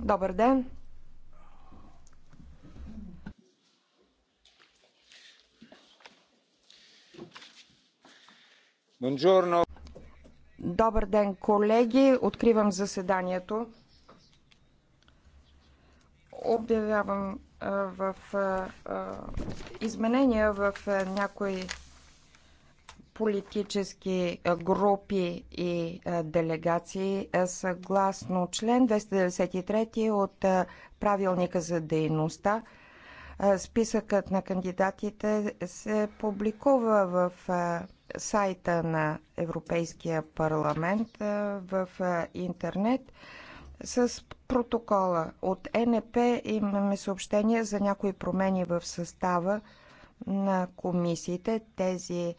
Добър ден. Бонжорно! Добър ден, колеги. Откривам заседанието. Обявявам в изменения в някои политически групи и делегации съгласно член 293 от правилника за дейността. Списъкът на кандидатите се публикува в сайта на Европейския парламент в интернет с протокола. От НП имаме съобщения за някои промени в състава на комисиите. Тези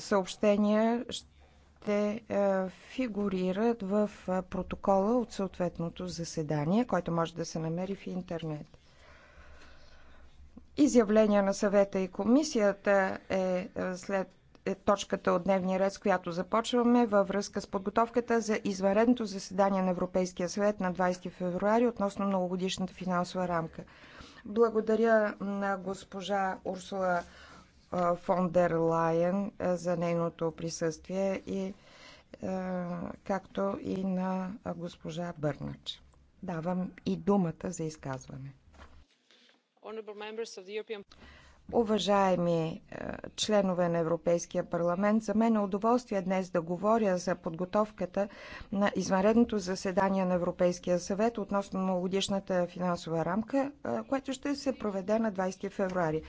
съобщения ще е, фигурират в е, протокола от съответното заседание, който може да се намери в интернет. Изявление на съвета и комисията е, е след е точката от дневния ред, с която започваме във връзка с подготовката за извънредното заседание на Европейския съвет на 20 февруари относно многогодишната финансова рамка. Благодаря на госпожа Урсула фон дер Лайен за нейното присъствие и както и на госпожа Бърнач. Давам и думата за изказване. Уважаеми членове на Европейския парламент, за мен е удоволствие днес да говоря за подготовката на извънредното заседание на Европейския съвет относно многогодишната финансова рамка, което ще се проведе на 20 февруари.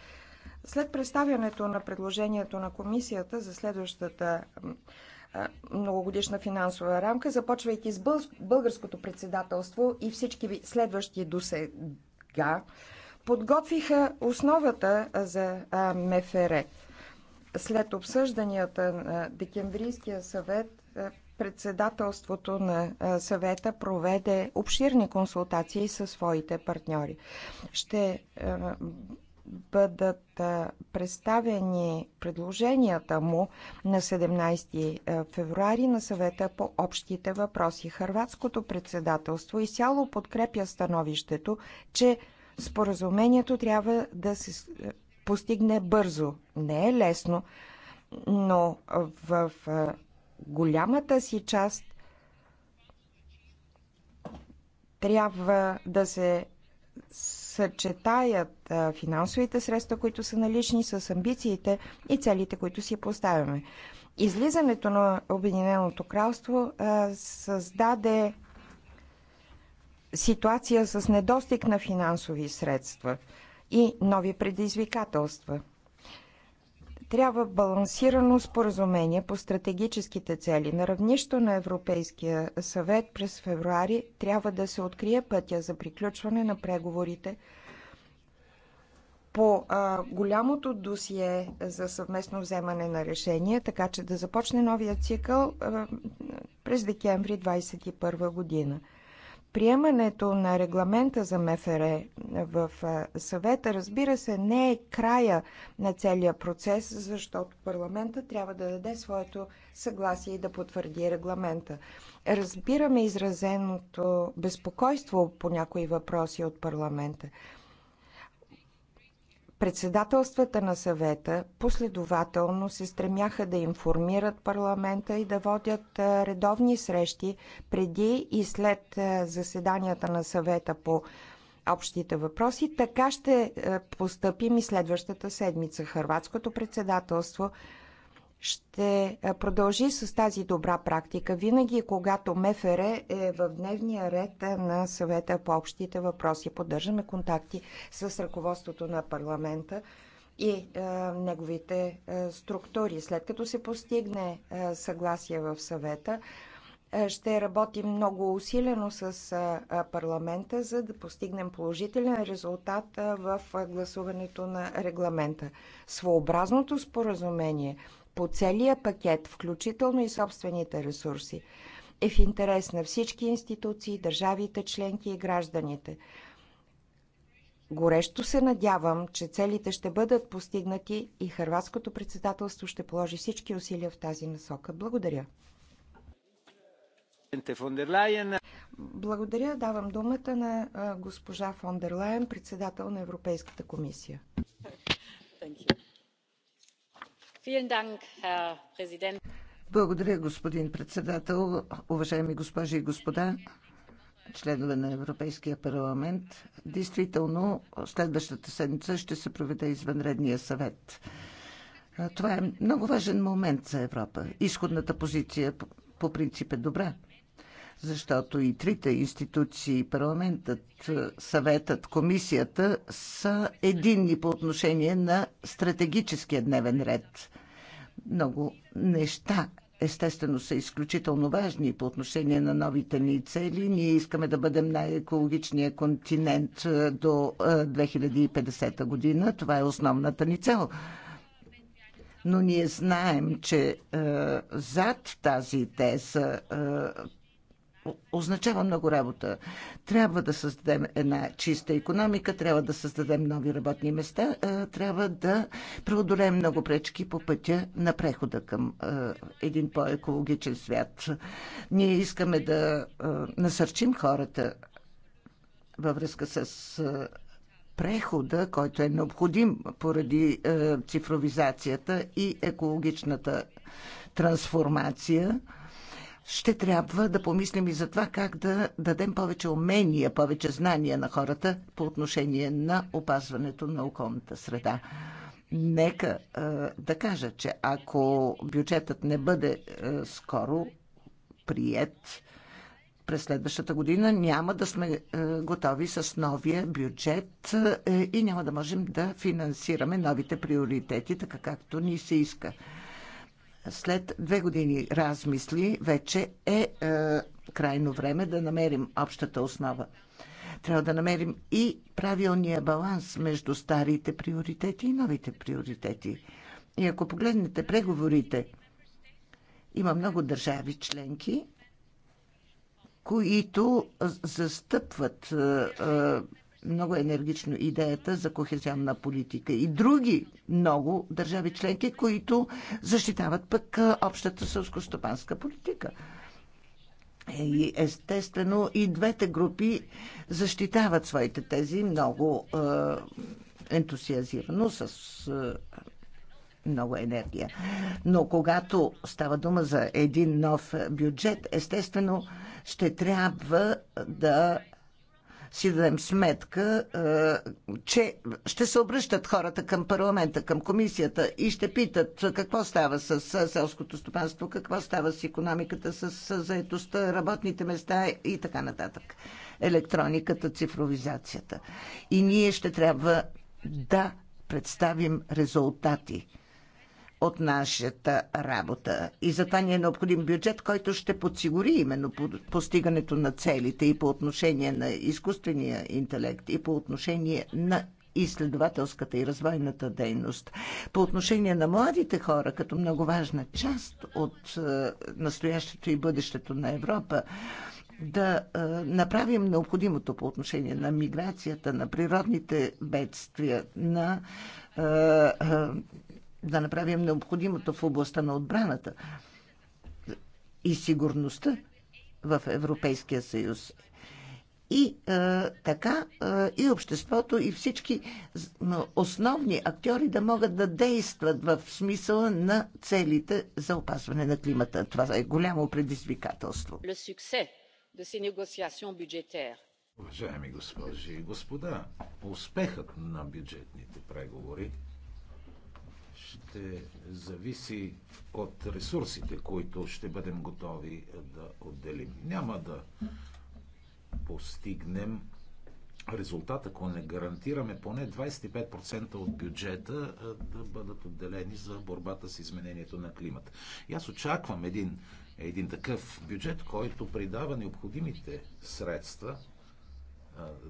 След представянето на предложението на комисията за следващата многогодишна финансова рамка, започвайки с българското председателство и всички следващи до сега, подготвиха основата за МФР. След обсъжданията на Декемврийския съвет, председателството на съвета проведе обширни консултации със своите партньори. Ще бъдат представени предложенията му на 17 февруари на съвета по общите въпроси. Харватското председателство изцяло подкрепя становището, че споразумението трябва да се постигне бързо. Не е лесно, но в голямата си част трябва да се съчетаят финансовите средства, които са налични, с амбициите и целите, които си поставяме. Излизането на Обединеното кралство създаде ситуация с недостиг на финансови средства и нови предизвикателства трябва балансирано споразумение по стратегическите цели. На равнището на Европейския съвет през февруари трябва да се открие пътя за приключване на преговорите по а, голямото досие за съвместно вземане на решения, така че да започне новия цикъл а, през декември 2021 година. Приемането на регламента за МФР в съвета, разбира се, не е края на целия процес, защото парламента трябва да даде своето съгласие и да потвърди регламента. Разбираме изразеното безпокойство по някои въпроси от парламента. Председателствата на съвета последователно се стремяха да информират парламента и да водят редовни срещи преди и след заседанията на съвета по общите въпроси. Така ще постъпим и следващата седмица. Хрватското председателство ще продължи с тази добра практика винаги, когато МФР е в дневния ред на съвета по общите въпроси. Поддържаме контакти с ръководството на парламента и е, неговите е, структури. След като се постигне е, съгласие в съвета, е, ще работим много усилено с е, парламента, за да постигнем положителен резултат е, в гласуването на регламента. Свообразното споразумение – по целия пакет, включително и собствените ресурси, е в интерес на всички институции, държавите членки и гражданите. Горещо се надявам, че целите ще бъдат постигнати и Харватското председателство ще положи всички усилия в тази насока. Благодаря. Благодаря. Давам думата на госпожа фон дер Лайен, председател на Европейската комисия. Thank you. Благодаря, господин председател, уважаеми госпожи и господа, членове на Европейския парламент. Действително, следващата седмица ще се проведе извънредния съвет. Това е много важен момент за Европа. Изходната позиция по принцип е добра защото и трите институции, парламентът, съветът, комисията са единни по отношение на стратегическия дневен ред. Много неща естествено са изключително важни по отношение на новите ни цели. Ние искаме да бъдем най екологичният континент до 2050 година. Това е основната ни цел. Но ние знаем, че е, зад тази теза, е, означава много работа. Трябва да създадем една чиста економика, трябва да създадем нови работни места, е, трябва да преодолеем много пречки по пътя на прехода към е, един по-екологичен свят. Ние искаме да е, насърчим хората във връзка с прехода, който е необходим поради цифровизацията и екологичната трансформация ще трябва да помислим и за това как да дадем повече умения, повече знания на хората по отношение на опазването на околната среда. Нека е, да кажа, че ако бюджетът не бъде е, скоро прият през следващата година, няма да сме е, готови с новия бюджет е, и няма да можем да финансираме новите приоритети, така както ни се иска. След две години размисли вече е, е крайно време да намерим общата основа. Трябва да намерим и правилния баланс между старите приоритети и новите приоритети. И ако погледнете преговорите, има много държави членки, които застъпват е, е, много енергично идеята за кохезионна политика и други много държави членки, които защитават пък общата сълскостопанска политика. И естествено и двете групи защитават своите тези много е, ентусиазирано, с е, много енергия. Но когато става дума за един нов бюджет, естествено ще трябва да си дадем сметка, е, че ще се обръщат хората към парламента, към комисията и ще питат какво става с селското стопанство, какво става с економиката, с заетостта, работните места и така нататък. Електрониката, цифровизацията. И ние ще трябва да представим резултати от нашата работа. И затова ни е необходим бюджет, който ще подсигури именно постигането на целите и по отношение на изкуствения интелект, и по отношение на изследователската и развойната дейност. По отношение на младите хора, като много важна част от е, настоящето и бъдещето на Европа, да е, направим необходимото по отношение на миграцията, на природните бедствия, на Е, е да направим необходимото в областта на отбраната и сигурността в Европейския съюз. И е, така е, и обществото, и всички основни актьори да могат да действат в смисъла на целите за опазване на климата. Това е голямо предизвикателство. Уважаеми госпожи и господа, успехът на бюджетните преговори ще зависи от ресурсите, които ще бъдем готови да отделим. Няма да постигнем резултат, ако не гарантираме поне 25% от бюджета да бъдат отделени за борбата с изменението на климата. И аз очаквам един, един такъв бюджет, който придава необходимите средства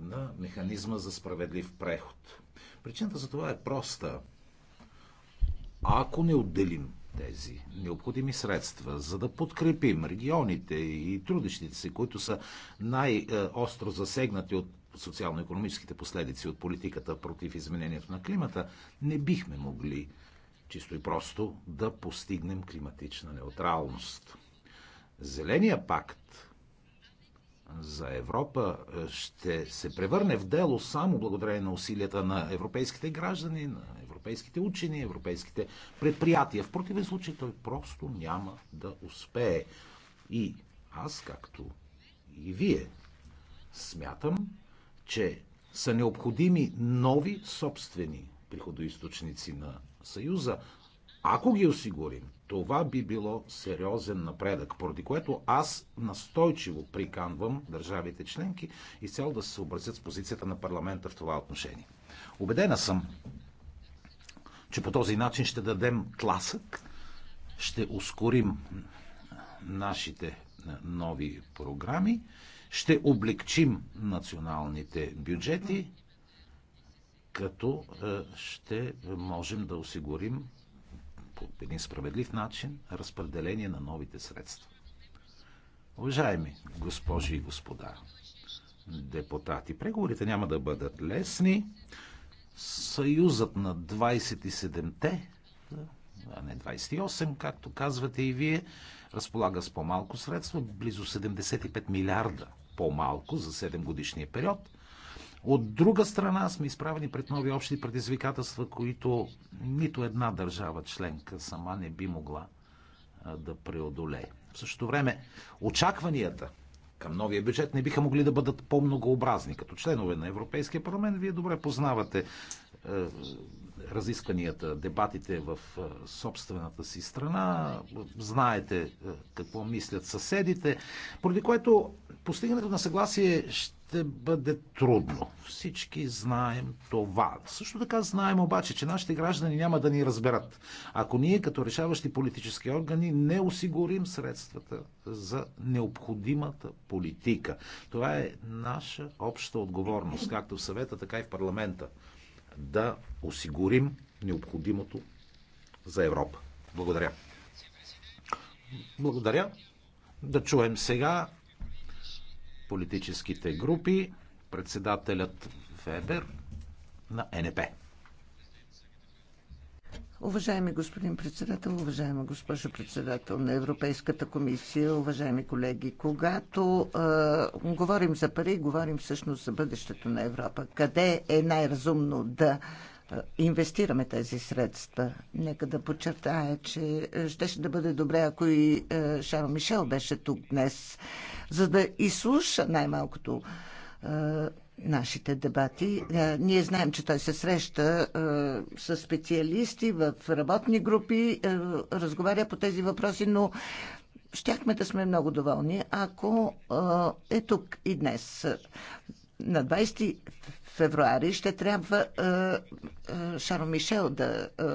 на механизма за справедлив преход. Причината за това е проста ако не отделим тези необходими средства, за да подкрепим регионите и трудещите се, които са най-остро засегнати от социално-економическите последици от политиката против изменението на климата, не бихме могли чисто и просто да постигнем климатична неутралност. Зеления пакт за Европа е, ще се превърне в дело само благодарение на усилията на европейските граждани, на европейските учени, европейските предприятия. В противен случай той просто няма да успее. И аз, както и вие, смятам, че са необходими нови собствени приходоисточници на Съюза. Ако ги осигурим, това би било сериозен напредък, поради което аз настойчиво приканвам държавите членки и цел да се съобразят с позицията на парламента в това отношение. Обедена съм, че по този начин ще дадем тласък, ще ускорим нашите е, нови програми, ще облегчим националните бюджети, като е, ще можем да осигурим по един справедлив начин разпределение на новите средства. Уважаеми госпожи и господа депутати, преговорите няма да бъдат лесни съюзът на 27-те, а не 28, както казвате и вие, разполага с по-малко средства, близо 75 милиарда по-малко за 7 годишния период. От друга страна сме изправени пред нови общи предизвикателства, които нито една държава членка сама не би могла да преодолее. В същото време очакванията към новия бюджет не биха могли да бъдат по-многообразни. Като членове на Европейския парламент, вие добре познавате е, разисканията, дебатите в е, собствената си страна, знаете е, какво мислят съседите, поради което постигането на съгласие ще ще бъде трудно. Всички знаем това. Също така знаем обаче, че нашите граждани няма да ни разберат, ако ние като решаващи политически органи не осигурим средствата за необходимата политика. Това е наша обща отговорност, както в съвета, така и в парламента, да осигурим необходимото за Европа. Благодаря. Благодаря. Да чуем сега политическите групи, председателят Фебер на НП. Уважаеми господин председател, уважаема госпожо председател на Европейската комисия, уважаеми колеги, когато е, говорим за пари, говорим всъщност за бъдещето на Европа. Къде е най-разумно да инвестираме тези средства. Нека да подчертая, че щеше да бъде добре, ако и е, Шаро Мишел беше тук днес, за да изслуша най-малкото е, нашите дебати. Е, ние знаем, че той се среща с специалисти в работни групи, разговаря по тези въпроси, но щяхме да сме много доволни, ако е тук и днес. На 20 февруари ще трябва е, е, Шаро Мишел да е,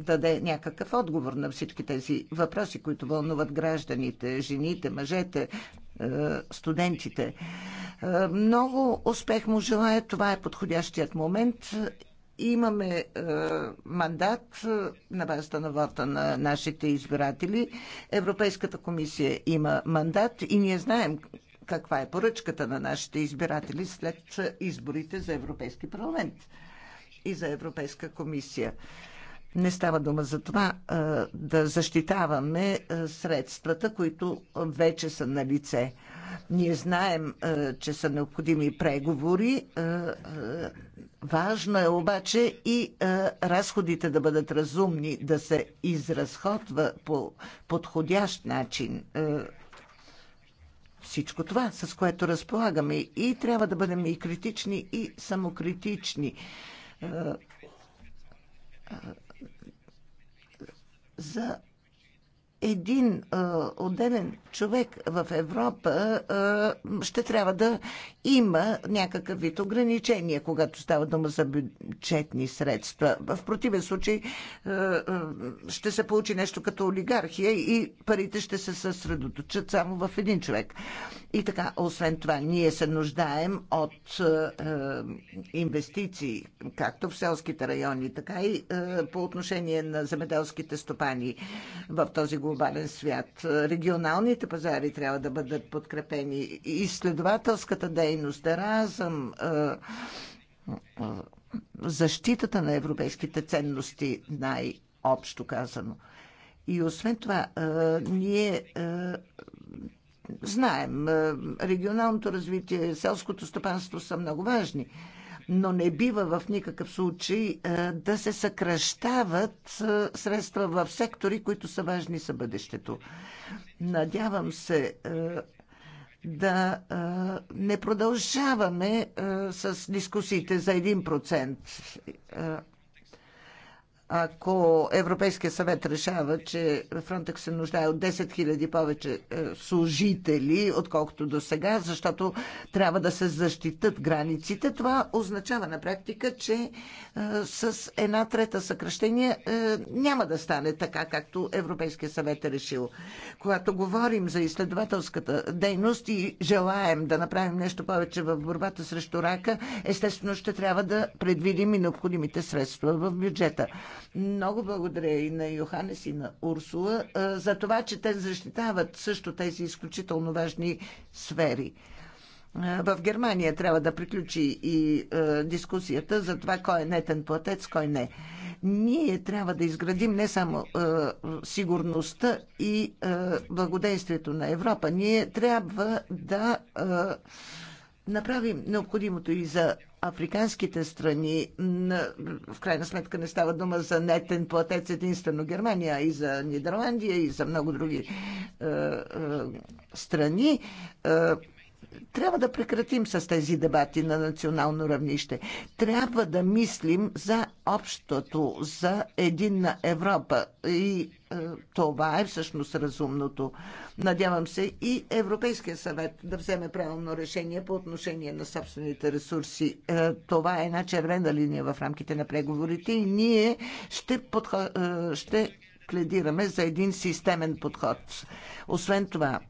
даде някакъв отговор на всички тези въпроси, които вълнуват гражданите, жените, мъжете, студентите. Много успех му желая. Това е подходящият момент. Имаме е, мандат е, на базата на вота на нашите избиратели. Европейската комисия има мандат и ние знаем каква е поръчката на нашите избиратели след изборите за Европейски парламент и за Европейска комисия. Не става дума за това да защитаваме средствата, които вече са на лице. Ние знаем, че са необходими преговори. Важно е обаче и разходите да бъдат разумни, да се изразходва по подходящ начин всичко това, с което разполагаме. И трябва да бъдем и критични, и самокритични. Е, е, за един а, отделен човек в Европа а, ще трябва да има някакъв вид ограничения, когато става дума за бюджетни средства. В противен случай а, а, ще се получи нещо като олигархия и парите ще се съсредоточат само в един човек. И така, освен това, ние се нуждаем от е, е, инвестиции, както в селските райони, така и е, по отношение на земеделските стопани в този глобален свят. Регионалните пазари трябва да бъдат подкрепени. Изследователската дейност, разъм, е, е, защитата на европейските ценности, най-общо казано. И освен това, е, ние. Е, знаем, е, регионалното развитие, селското стопанство са много важни, но не бива в никакъв случай е, да се съкръщават е, средства в сектори, които са важни за бъдещето. Надявам се да не продължаваме с дискусиите за 1%. Ако Европейския съвет решава, че Фронтекс се нуждае от 10 000 повече е, служители, отколкото до сега, защото трябва да се защитат границите, това означава на практика, че е, с една трета съкръщение е, няма да стане така, както Европейския съвет е решил. Когато говорим за изследователската дейност и желаем да направим нещо повече в борбата срещу рака, естествено ще трябва да предвидим и необходимите средства в бюджета. Много благодаря и на Йоханес и на Урсула за това, че те защитават също тези изключително важни сфери. В Германия трябва да приключи и дискусията за това кой е нетен платец, кой не. Ние трябва да изградим не само сигурността и благодействието на Европа. Ние трябва да направим необходимото и за африканските страни, в крайна сметка не става дума за нетен платец единствено Германия, и за Нидерландия, и за много други е, е, страни. Е, трябва да прекратим с тези дебати на национално равнище. Трябва да мислим за общото, за единна Европа. И е, това е всъщност разумното. Надявам се и Европейския съвет да вземе правилно решение по отношение на собствените ресурси. Е, това е една червена линия в рамките на преговорите и ние ще, подхо... е, ще пледираме за един системен подход. Освен това,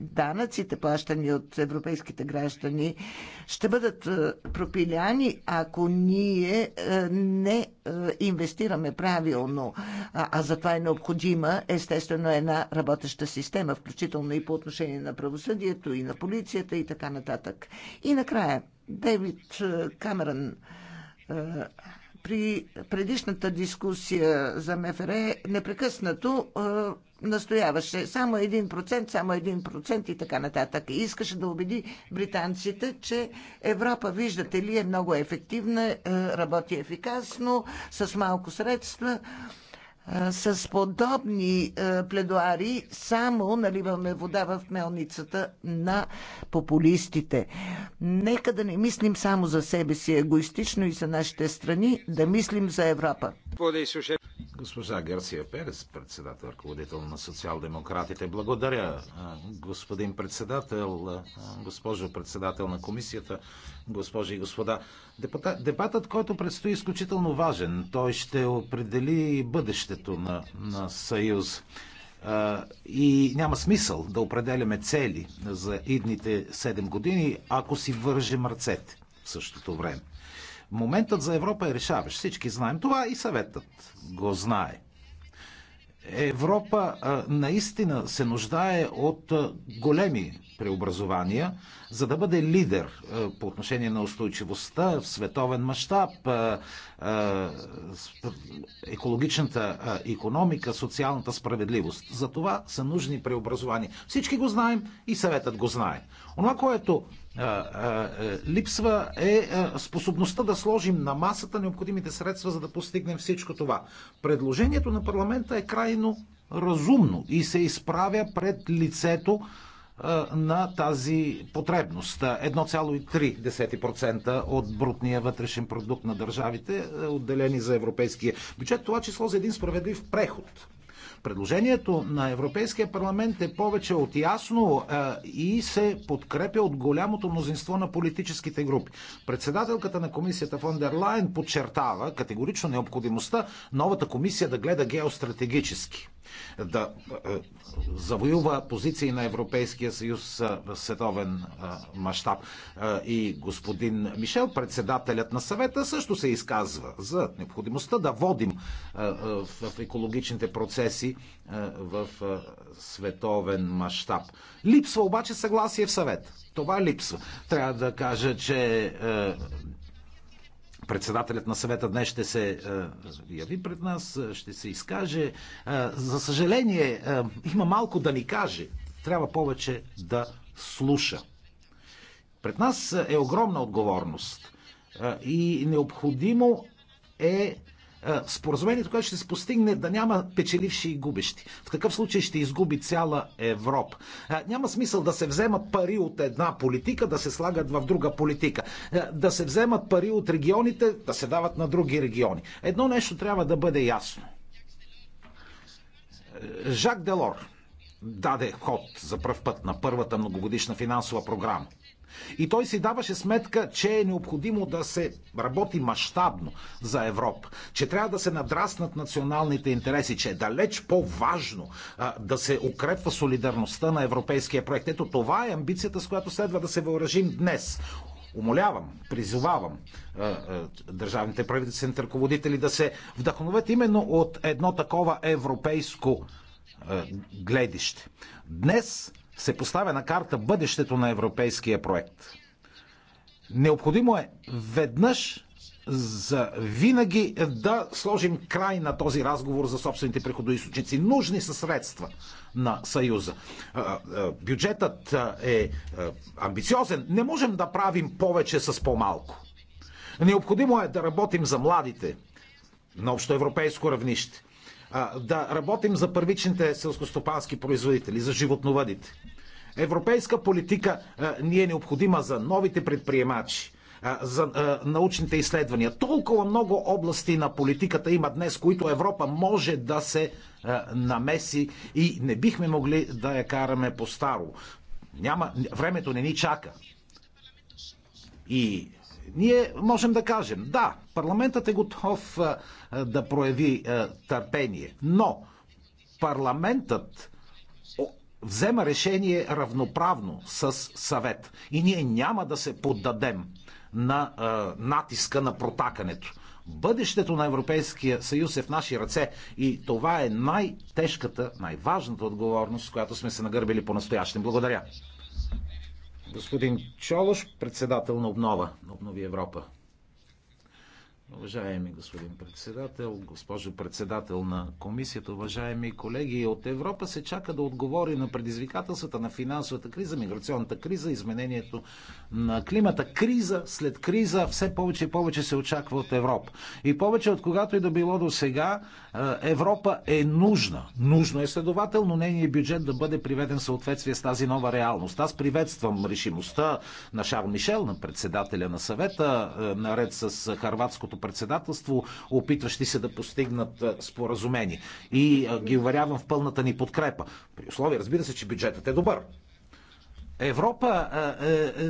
данъците, плащани от европейските граждани, ще бъдат е, пропиляни, ако ние е, не е, инвестираме правилно. А, за това е необходима, естествено, една работеща система, включително и по отношение на правосъдието, и на полицията, и така нататък. И накрая, Дейвид Камерън при предишната дискусия за МФР непрекъснато а, настояваше само 1%, само 1% и така нататък. И искаше да убеди британците, че Европа, виждате ли, е много ефективна, работи ефикасно, с малко средства. А, с подобни пледуари само наливаме вода в мелницата на популистите. Нека да не мислим само за себе си егоистично и за нашите страни, да мислим за Европа. Госпожа Гарсия Перес, председател, ръководител на социал-демократите. Благодаря, господин председател, госпожо председател на комисията, госпожи и господа. Дебатът, който предстои, е изключително важен. Той ще определи бъдещето на, на Съюз. И няма смисъл да определяме цели за идните 7 години, ако си вържем ръцете в същото време. Моментът за Европа е решаващ. Всички знаем това и съветът го знае. Европа наистина се нуждае от големи преобразования, за да бъде лидер е, по отношение на устойчивостта в световен мащаб, е, е, екологичната економика, социалната справедливост. За това са нужни преобразования. Всички го знаем и съветът го знае. Онова, което липсва е способността да сложим на масата необходимите средства, за да постигнем всичко това. Предложението на парламента е крайно разумно и се изправя пред лицето на тази потребност. 1,3% от брутния вътрешен продукт на държавите, отделени за европейския бюджет. Това число за един справедлив преход Предложението на Европейския парламент е повече от ясно и се подкрепя от голямото мнозинство на политическите групи. Председателката на комисията фон дер Лайн подчертава категорично необходимостта новата комисия да гледа геостратегически да завоюва позиции на Европейския съюз в световен мащаб. И господин Мишел, председателят на съвета, също се изказва за необходимостта да водим в екологичните процеси в световен мащаб. Липсва обаче съгласие в съвет. Това липсва. Трябва да кажа, че председателят на съвета днес ще се яви пред нас, ще се изкаже. За съжаление, има малко да ни каже. Трябва повече да слуша. Пред нас е огромна отговорност и необходимо е е, споразумението, което ще се постигне, да няма печеливши и губещи. В такъв случай ще изгуби цяла Европа. Е, няма смисъл да се вземат пари от една политика, да се слагат в друга политика. Е, да се вземат пари от регионите, да се дават на други региони. Едно нещо трябва да бъде ясно. Жак Делор даде ход за пръв път на първата многогодишна финансова програма. И той си даваше сметка, че е необходимо да се работи мащабно за Европа, че трябва да се надраснат националните интереси, че е далеч по-важно да се укрепва солидарността на европейския проект. Ето това е амбицията, с която следва да се въоръжим днес. Умолявам, призовавам а, а, държавните правителствените ръководители да се вдъхновят именно от едно такова европейско а, гледище. Днес се поставя на карта бъдещето на европейския проект. Необходимо е веднъж за винаги да сложим край на този разговор за собствените приходоисточници. Нужни са средства на Съюза. Бюджетът е амбициозен. Не можем да правим повече с по-малко. Необходимо е да работим за младите на общоевропейско равнище да работим за първичните селскостопански производители, за животновъдите. Европейска политика ни е необходима за новите предприемачи, за научните изследвания. Толкова много области на политиката има днес, които Европа може да се намеси и не бихме могли да я караме по-старо. Няма, времето не ни чака. И ние можем да кажем, да, парламентът е готов да прояви търпение, но парламентът взема решение равноправно с съвет. И ние няма да се поддадем на а, натиска на протакането. Бъдещето на Европейския съюз е в наши ръце и това е най-тежката, най-важната отговорност, която сме се нагърбили по-настоящем. Благодаря. Господин Чолош, председател на Обнова, Обнови Европа. Уважаеми господин председател, госпожо председател на комисията, уважаеми колеги, от Европа се чака да отговори на предизвикателствата на финансовата криза, миграционната криза, изменението на климата. Криза след криза все повече и повече се очаква от Европа. И повече от когато и да било до сега, е, Европа е нужна. Нужно е следователно нейният бюджет да бъде приведен в съответствие с тази нова реалност. Аз приветствам решимостта на Шарл Мишел, на председателя на съвета, е, наред с е, харватското Белгийското председателство, опитващи се да постигнат споразумение. И ги уверявам в пълната ни подкрепа. При условие, разбира се, че бюджетът е добър. Европа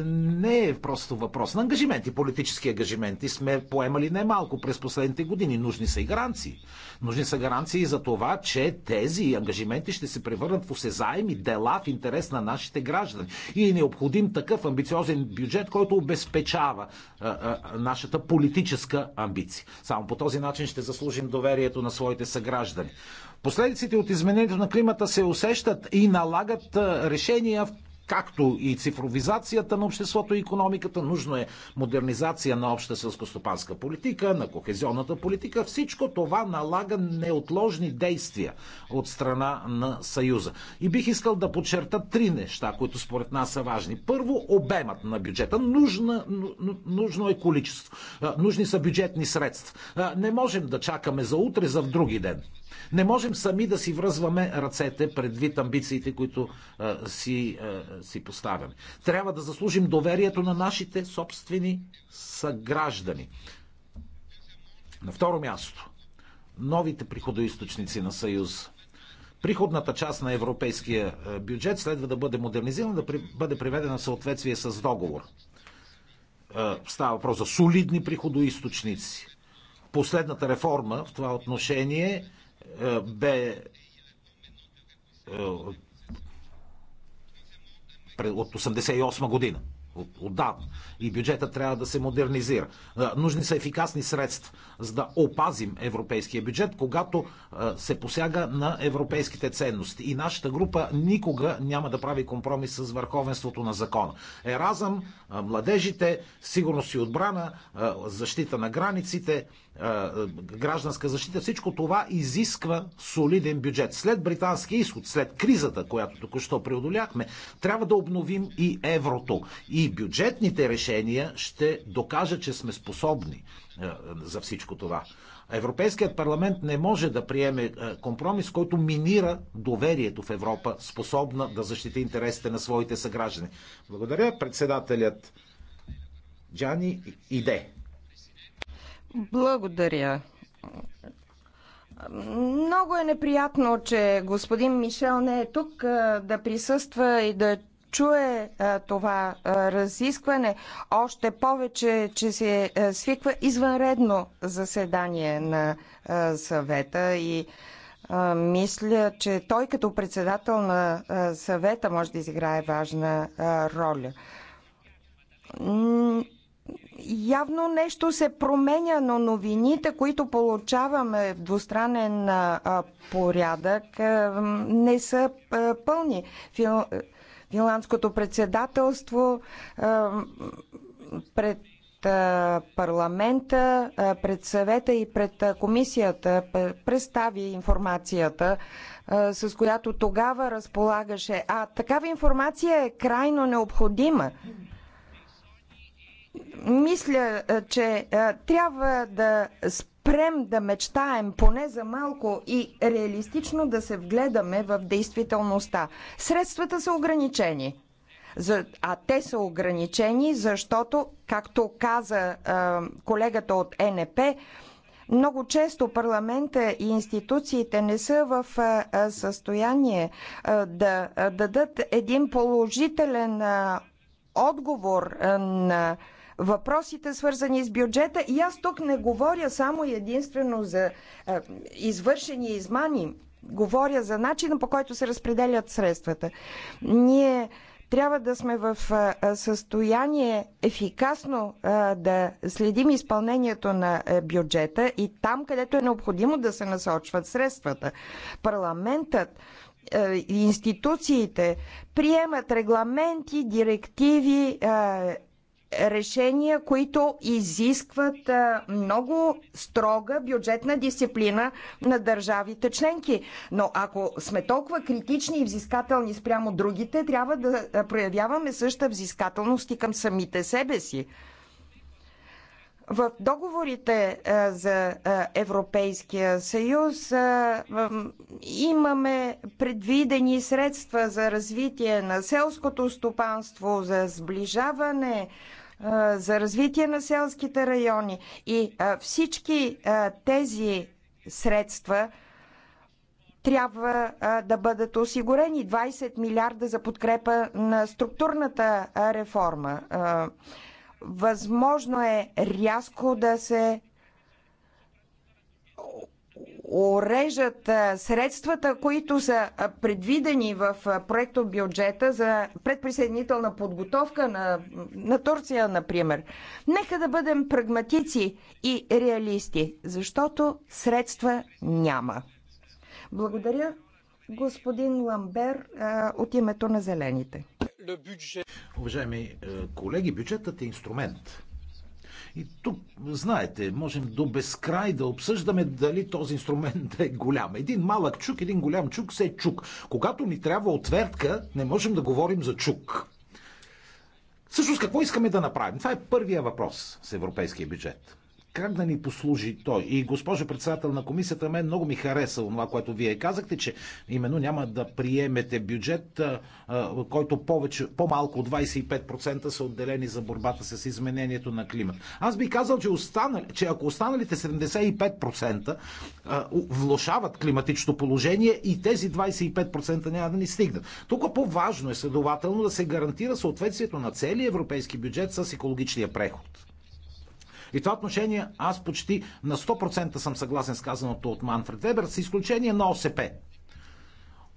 не е просто въпрос на ангажименти, политически ангажименти сме поемали немалко през последните години. Нужни са и гаранции. Нужни са гаранции за това, че тези ангажименти ще се превърнат в осезаеми дела в интерес на нашите граждани. И е необходим такъв амбициозен бюджет, който обезпечава нашата политическа амбиция. Само по този начин ще заслужим доверието на своите съграждани. Последиците от изменението на климата се усещат и налагат решения в както и цифровизацията на обществото и економиката, нужно е модернизация на обща селскостопанска политика, на кохезионната политика. Всичко това налага неотложни действия от страна на Съюза. И бих искал да подчерта три неща, които според нас са важни. Първо, обемът на бюджета. Нужна, нужно е количество. Нужни са бюджетни средства. Не можем да чакаме за утре, за в други ден. Не можем сами да си връзваме ръцете предвид амбициите, които а, си, а, си поставяме. Трябва да заслужим доверието на нашите собствени съграждани. На второ място, новите приходоисточници на Съюз. Приходната част на европейския бюджет следва да бъде модернизирана, да бъде приведена в съответствие с договор. Става въпрос за солидни приходоисточници. Последната реформа в това отношение е, бе е, от 88 година. Отдавна. И бюджета трябва да се модернизира. Е, нужни са ефикасни средства, за да опазим европейския бюджет, когато се посяга на европейските ценности. И нашата група никога няма да прави компромис с върховенството на закона. Еразъм, младежите, сигурност и отбрана, защита на границите, гражданска защита, всичко това изисква солиден бюджет. След британския изход, след кризата, която току-що преодоляхме, трябва да обновим и еврото. И бюджетните решения ще докажат, че сме способни за всичко това. Европейският парламент не може да приеме компромис, който минира доверието в Европа, способна да защити интересите на своите съграждани. Благодаря председателят Джани Иде. Благодаря. Много е неприятно, че господин Мишел не е тук да присъства и да чуе това разискване, още повече, че се свиква извънредно заседание на съвета и мисля, че той като председател на съвета може да изиграе важна роля. Явно нещо се променя, но новините, които получаваме в двустранен порядък, не са пълни. Финландското председателство пред парламента, пред съвета и пред комисията представи информацията, с която тогава разполагаше. А такава информация е крайно необходима мисля, е, че е, трябва да спрем да мечтаем поне за малко и реалистично да се вгледаме в действителността. Средствата са ограничени. А те са ограничени, защото, както каза е, колегата от НП, много често парламента и институциите не са в състояние да дадат един положителен отговор на въпросите, свързани с бюджета. И аз тук не говоря само и единствено за е, извършени измами. Говоря за начина по който се разпределят средствата. Ние трябва да сме в е, състояние ефикасно е, да следим изпълнението на бюджета и там, където е необходимо да се насочват средствата. Парламентът институциите приемат регламенти, директиви, решения, които изискват много строга бюджетна дисциплина на държавите членки. Но ако сме толкова критични и взискателни спрямо другите, трябва да проявяваме същата взискателност и към самите себе си. В договорите за Европейския съюз имаме предвидени средства за развитие на селското стопанство, за сближаване, за развитие на селските райони и всички тези средства трябва да бъдат осигурени. 20 милиарда за подкрепа на структурната реформа. Възможно е рязко да се орежат средствата, които са предвидени в проекто бюджета за предприсъединителна подготовка на, на Турция, например. Нека да бъдем прагматици и реалисти, защото средства няма. Благодаря, господин Ламбер, от името на Зелените. Уважаеми е, колеги, бюджетът е инструмент и тук, знаете, можем до безкрай да обсъждаме дали този инструмент е голям. Един малък чук, един голям чук, се е чук. Когато ни трябва отвертка, не можем да говорим за чук. Всъщност, какво искаме да направим? Това е първия въпрос с европейския бюджет как да ни послужи той? И госпожо председател на комисията, мен много ми хареса това, което вие казахте, че именно няма да приемете бюджет, който повече, по-малко от 25% са отделени за борбата с изменението на климат. Аз би казал, че, останали, че ако останалите 75% влошават климатичното положение и тези 25% няма да ни стигнат. Тук по-важно е следователно да се гарантира съответствието на целия европейски бюджет с екологичния преход. И това отношение аз почти на 100% съм съгласен с казаното от Манфред Вебер, с изключение на ОСП.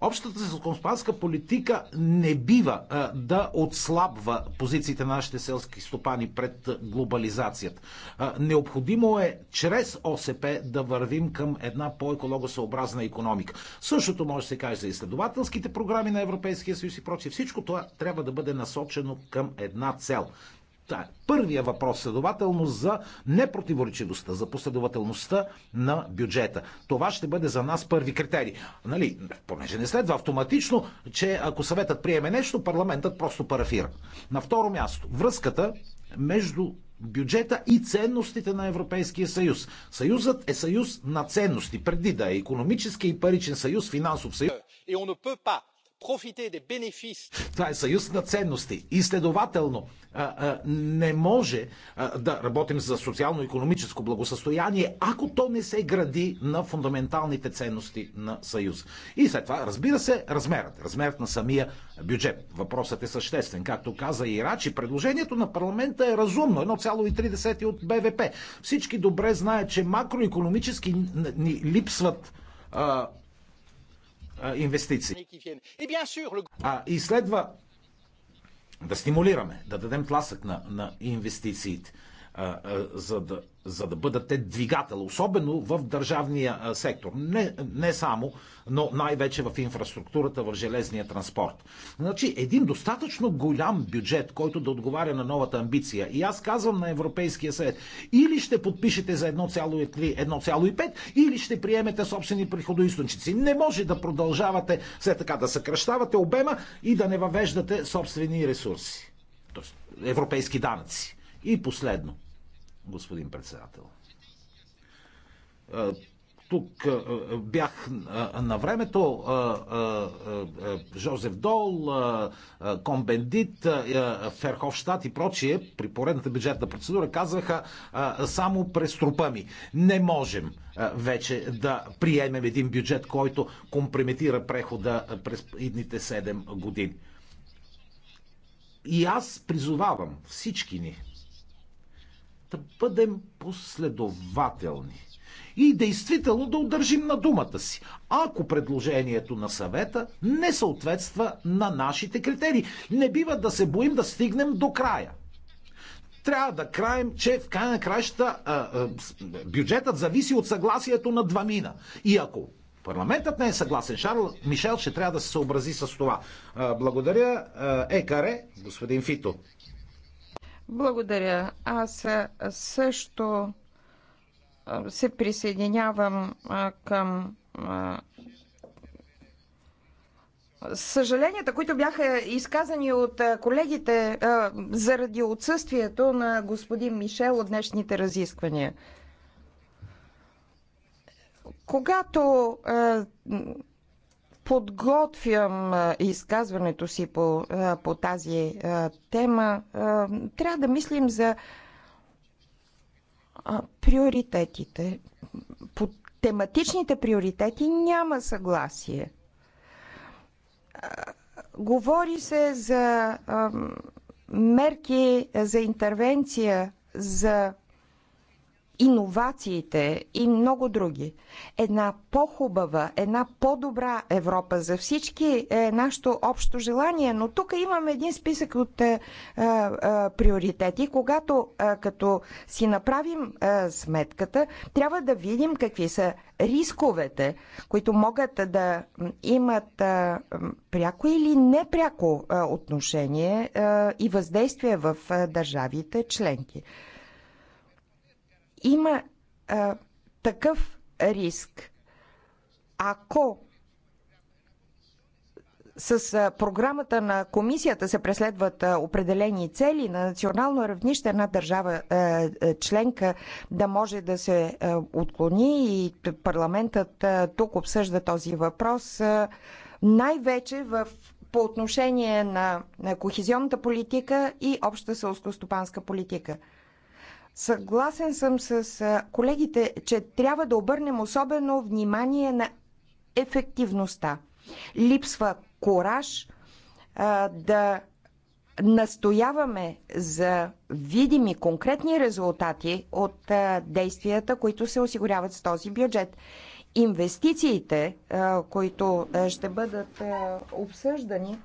Общата селскостопанска политика не бива а, да отслабва позициите на нашите селски стопани пред глобализацията. А, необходимо е чрез ОСП да вървим към една по-екологосъобразна економика. Същото може да се каже за изследователските програми на Европейския съюз и прочие. Всичко това трябва да бъде насочено към една цел. Това е първия въпрос, следователно, за непротиворечивостта, за последователността на бюджета. Това ще бъде за нас първи критерий. Нали, понеже не следва автоматично, че ако съветът приеме нещо, парламентът просто парафира. На второ място, връзката между бюджета и ценностите на Европейския съюз. Съюзът е съюз на ценности, преди да е економически и паричен съюз, финансов съюз. Това е съюз на ценности. И следователно не може да работим за социално-економическо благосъстояние, ако то не се гради на фундаменталните ценности на съюз. И след това, разбира се, размерът. Размерът на самия бюджет. Въпросът е съществен. Както каза и Рачи, предложението на парламента е разумно. 1,3 от БВП. Всички добре знаят, че макроекономически ни липсват инвестиции. А, и следва да стимулираме, да дадем тласък на, на инвестициите, а, а, за да за да бъдат те двигател, особено в държавния сектор. Не, не само, но най-вече в инфраструктурата, в железния транспорт. Значи, един достатъчно голям бюджет, който да отговаря на новата амбиция. И аз казвам на Европейския съвет, или ще подпишете за 1,5, или ще приемете собствени приходоисточници. Не може да продължавате все така да съкръщавате обема и да не въвеждате собствени ресурси. Тоест, европейски данъци. И последно – господин председател. Тук бях на времето Жозеф Дол, Комбендит, Ферховщат и прочие при поредната бюджетна процедура казаха само през трупа ми. Не можем вече да приемем един бюджет, който компрометира прехода през идните 7 години. И аз призовавам всички ни да бъдем последователни и действително да удържим на думата си, ако предложението на съвета не съответства на нашите критерии. Не бива да се боим да стигнем до края. Трябва да краем, че в край на краища бюджетът зависи от съгласието на двамина. И ако парламентът не е съгласен, Шарл Мишел ще трябва да се съобрази с това. благодаря, Екаре, господин Фито. Благодаря. Аз също се присъединявам към съжаленията, които бяха изказани от колегите заради отсъствието на господин Мишел от днешните разисквания. Когато подготвям изказването си по, по тази тема, трябва да мислим за приоритетите. По тематичните приоритети няма съгласие. Говори се за мерки за интервенция, за иновациите и много други. Една по-хубава, една по-добра Европа за всички е нашето общо желание, но тук имаме един списък от а, е, а, е, приоритети. Когато а, е, като си направим а, сметката, трябва да видим какви са рисковете, които могат да имат а, пряко или непряко а, отношение а, и въздействие в а, държавите членки. Има а, такъв риск, ако с програмата на комисията се преследват определени цели на национално равнище, една държава членка да може да се отклони и парламентът тук обсъжда този въпрос най-вече в по отношение на, на кохезионната политика и обща селско-стопанска политика. Съгласен съм с колегите, че трябва да обърнем особено внимание на ефективността. Липсва кораж а, да настояваме за видими, конкретни резултати от а, действията, които се осигуряват с този бюджет. Инвестициите, а, които а, ще бъдат а, обсъждани,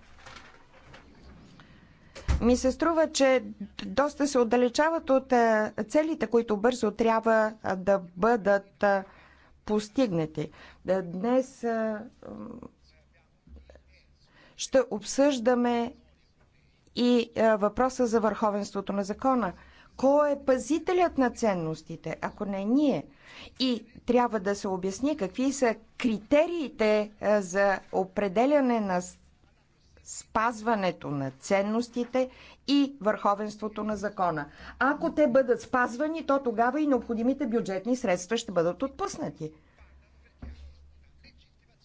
ми се струва, че доста се отдалечават от е, целите, които бързо трябва е, да бъдат е, постигнати. Днес ще обсъждаме и въпроса за върховенството на закона. Кой е пазителят на ценностите, ако не ние? И трябва да се обясни какви са критериите за определяне на спазването на ценностите и върховенството на закона. Ако те бъдат спазвани, то тогава и необходимите бюджетни средства ще бъдат отпуснати.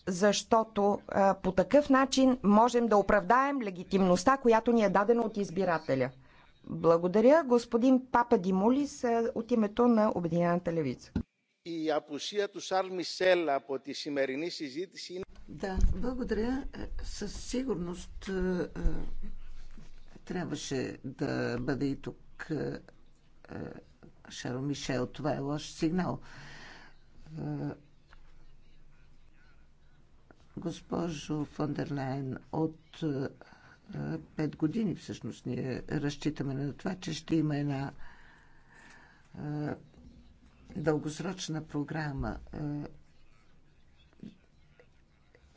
Защото а, по такъв начин можем да оправдаем легитимността, която ни е дадена от избирателя. Благодаря, господин Папа Димулис, от името на Обединената левица η απουσία του Σαρλ Μισελ από τη σημερινή συζήτηση είναι... Да, благодаря. Е, със сигурност е, е, трябваше да бъде и тук Шарл Мишел. Това е лош сигнал. Госпожо Фондерлайн, от пет години всъщност ние разчитаме на това, че ще има една дългосрочна програма е,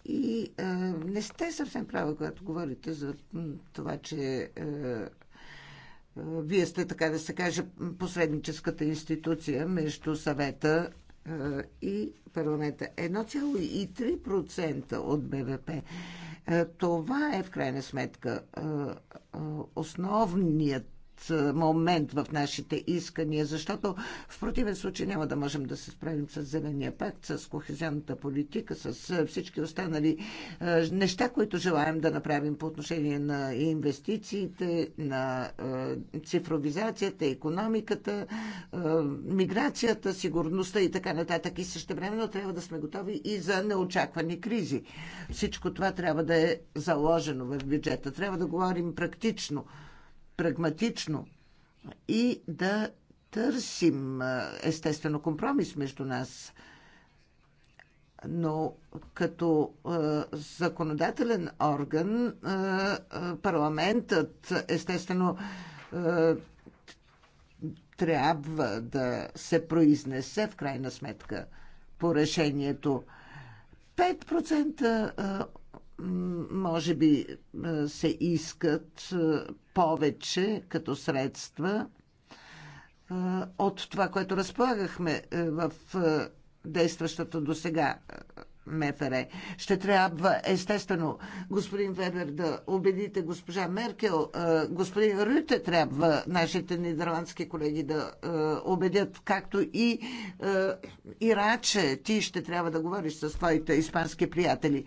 и е, не сте съвсем права, когато говорите за това, че е, вие сте, така да се каже, посредническата институция между съвета и парламента. 1,3% от БВП. това е в крайна сметка основният е, момент в нашите искания, защото в противен случай няма да можем да се справим с Зеления пакт, с кохезионната политика, с е, всички останали е, неща, които желаем да направим по отношение на инвестициите, на цифровизацията, економиката, миграцията, сигурността и така нататък. И също времено трябва да сме готови и за неочаквани кризи. Всичко това трябва да е заложено в бюджета. Трябва да говорим практично прагматично и да търсим естествено компромис между нас. Но като е, законодателен орган, е, парламентът естествено е, трябва да се произнесе в крайна сметка по решението. 5% може би е, се искат е, повече като средства е, от това, което разполагахме в действащата до сега МФР. Ще трябва, естествено, господин Вебер да убедите госпожа Меркел, господин Рюте трябва нашите нидерландски колеги да убедят, както и Ираче, ти ще трябва да говориш с твоите испански приятели